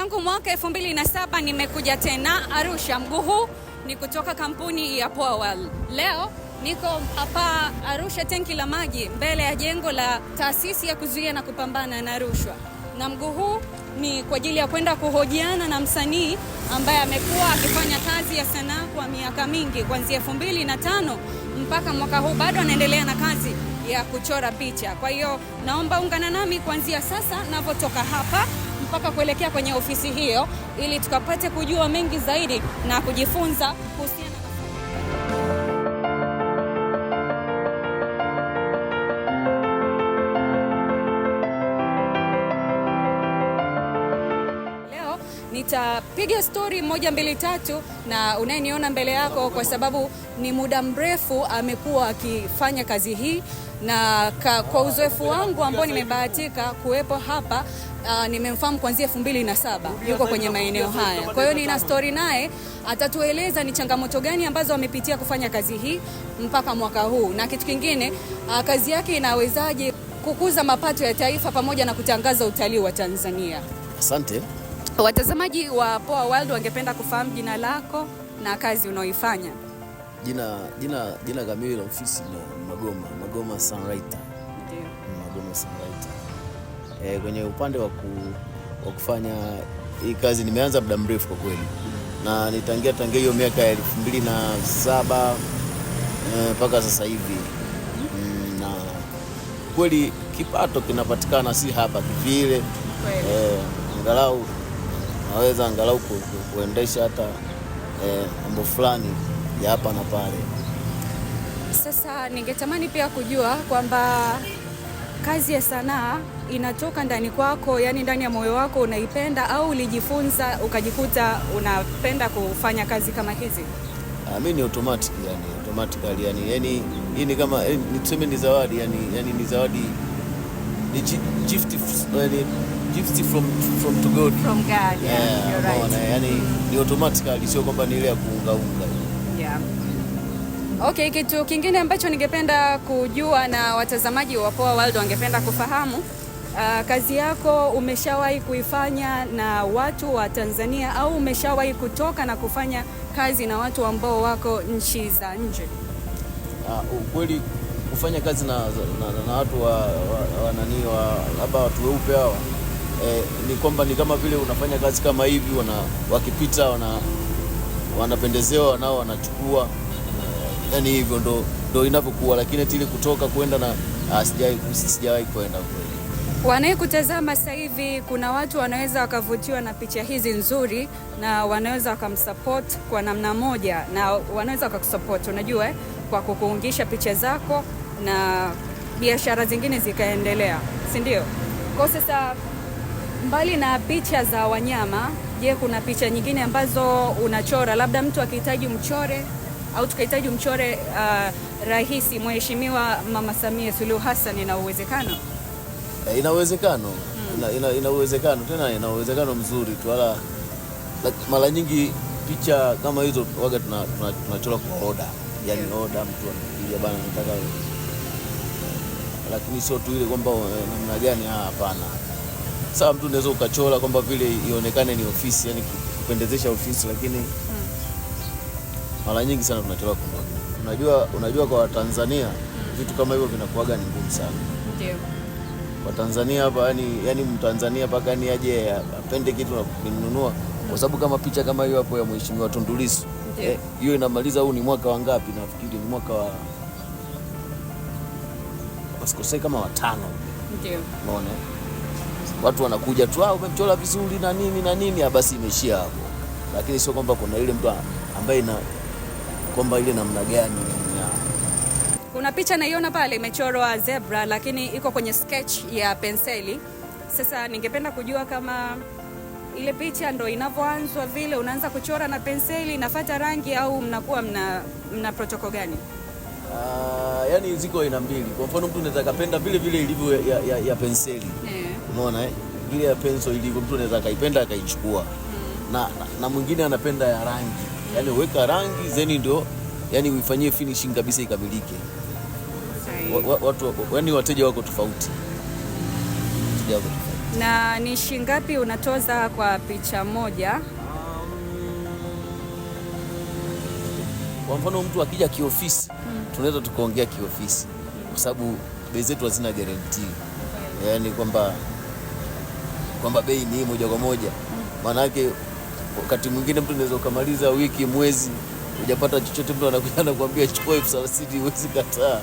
Tangu mwaka 2007 nimekuja tena Arusha. Mguu huu ni kutoka kampuni ya Powell. Leo niko hapa Arusha, tenki la maji, mbele ya jengo la taasisi ya kuzuia na kupambana na rushwa, na mguu huu ni kwa ajili ya kwenda kuhojiana na msanii ambaye amekuwa akifanya kazi ya sanaa kwa miaka mingi, kuanzia 2005 mpaka mwaka huu, bado anaendelea na kazi ya kuchora picha. Kwa hiyo naomba ungana nami kuanzia sasa navyotoka hapa mpaka kuelekea kwenye ofisi hiyo ili tukapate kujua mengi zaidi na kujifunza kuhusiana Nitapiga stori moja mbili tatu na unayeniona mbele yako, kwa sababu ni muda mrefu amekuwa akifanya kazi hii, na kwa uzoefu wangu ambao nimebahatika kuwepo hapa uh, nimemfahamu kuanzia saba yuko kwenye maeneo haya. Kwa hiyo nina story naye, atatueleza ni changamoto gani ambazo wamepitia kufanya kazi hii mpaka mwaka huu, na kitu kingine uh, kazi yake inawezaje kukuza mapato ya taifa pamoja na kutangaza utalii wa Tanzania. Asante. Watazamaji wa Poa World wangependa kufahamu jina lako na kazi unaoifanya. Jina jina jina kamili la ofisi la Magoma Magoma Sunwriter. Ndio. Magoma Sunwriter e, kwenye upande wa waku, kufanya hii kazi nimeanza muda mrefu kwa kweli, na nitangia tangia hiyo miaka ya elfu mbili na saba eh, mpaka e, sasa hivi mm, na kweli kipato kinapatikana si hapa kivile e, angalau naweza angalau ku, ku, kuendesha hata mambo e, fulani ya hapa na pale. Sasa ningetamani pia kujua kwamba kazi ya sanaa inatoka ndani kwako, yani ndani ya moyo wako unaipenda, au ulijifunza ukajikuta unapenda kufanya kazi kama hizi? Ah, mimi ni automatic yani, automatically yani, yani hii ni kama eh, ni tuseme ni zawadi yani, yani ni zawadi ni gift yani, gift from from to God from God yeah, yeah, you're right. yani ni automatically, sio kwamba ni ile ya kuungaunga Okay, kitu kingine ambacho ningependa kujua na watazamaji wa Poa World wangependa kufahamu uh, kazi yako umeshawahi kuifanya na watu wa Tanzania au umeshawahi kutoka na kufanya kazi na watu ambao wako nchi za nje? Uh, ukweli kufanya kazi na, na, na watu wa, wa, wa nani wa labda watu weupe hawa eh, ni kwamba ni kama vile unafanya kazi kama hivi, wana wakipita wana wanapendezewa nao wanachukua yani hivyo ndo, ndo inavyokuwa, lakini tili kutoka kwenda na ah, sijawahi kwenda kweli. Wanayekutazama sasa hivi, kuna watu wanaweza wakavutiwa na picha hizi nzuri na wanaweza wakamsupport kwa namna moja, na wanaweza wakakusupport, unajua eh, kwa kukuungisha picha zako na biashara zingine zikaendelea, si ndio? Kwa sasa mbali na picha za wanyama, je, kuna picha nyingine ambazo unachora labda mtu akihitaji mchore au tukahitaji umchore uh, rahisi Mheshimiwa Mama Samia Suluhu Hassan, ina uwezekano eh, ina uwezekano hmm. ina, ina uwezekano tena ina uwezekano mzuri tu, wala mara nyingi picha kama hizo waga tunachora tuna, tuna kwa oda yani yeah. oda mtu anakuja bana nataka lakini sio tu ile kwamba eh, namna gani, ah, hapana. Sawa, mtu unaweza ukachora kwamba vile ionekane ni ofisi, yani kupendezesha ofisi, lakini mm mara nyingi sana tunachelewa kumwaga. Unajua, unajua kwa Watanzania vitu kama hivyo vinakuaga ni ngumu sana. Ndio. Kwa Tanzania hapa yani, yani Mtanzania mpaka ni aje apende kitu na kununua kwa sababu kama picha kama hiyo hapo ya Mheshimiwa Tundu Lissu eh, hiyo eh, inamaliza huu ni mwaka wa ngapi? Nafikiri ni mwaka wa wasikosei kama watano. Ndio. Unaona? Watu wanakuja tu ah, umemchora vizuri na nini na nini, ah, basi imeishia hapo, lakini sio kwamba kuna ile mtu ambaye kwamba ile namna gani. Kuna picha naiona pale imechorwa zebra, lakini iko kwenye sketch ya penseli. Sasa ningependa kujua kama ile picha ndo inavyoanzwa vile, unaanza kuchora na penseli inafuata rangi, au mnakuwa mna, mna protoko gani? Uh, yani ziko aina mbili. Kwa mfano mtu anaweza kapenda vile vile ilivyo ya, ya, ya penseli eh. umeona yeah. Eh, ile ya penso ilivyo mtu anaweza akaipenda akaichukua mm. na, na, na mwingine anapenda ya rangi yani weka rangi zeni ndo yani uifanyie finishing kabisa ikamilike. watu yani wateja wako tofauti, Na ni shingapi unatoza kwa picha moja? kwa mfano mtu akija kiofisi hmm, tunaweza tukaongea kiofisi kwa sababu bei zetu hazina guarantee yani kwamba kwamba bei ni moja kwa moja maana hmm wakati mwingine mtu unaweza ukamaliza wiki, mwezi ujapata chochote, mtu anakuja anakuambia chukua elfu thelathini huwezi kataa,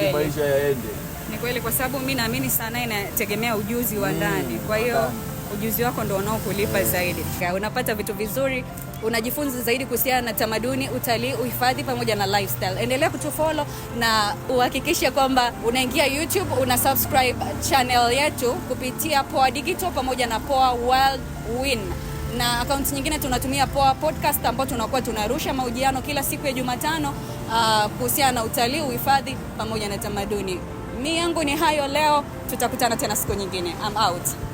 ili maisha yaende. Ni kweli, kwa sababu mi naamini sana inategemea ujuzi wa mm, ndani, kwa hiyo ujuzi wako ndo unaokulipa yeah, zaidi. Unapata vitu vizuri, unajifunza zaidi kuhusiana na tamaduni, utalii, uhifadhi pamoja na lifestyle. Endelea kutufollow na uhakikishe kwamba unaingia YouTube, una subscribe channel yetu kupitia Poa Digital pamoja na Poa World Win na akaunti nyingine tunatumia Poa Podcast ambao tunakuwa tunarusha mahojiano kila siku ya Jumatano ah, kuhusiana na utalii, uhifadhi pamoja na tamaduni. Mi yangu ni hayo leo, tutakutana tena siku nyingine. I'm out.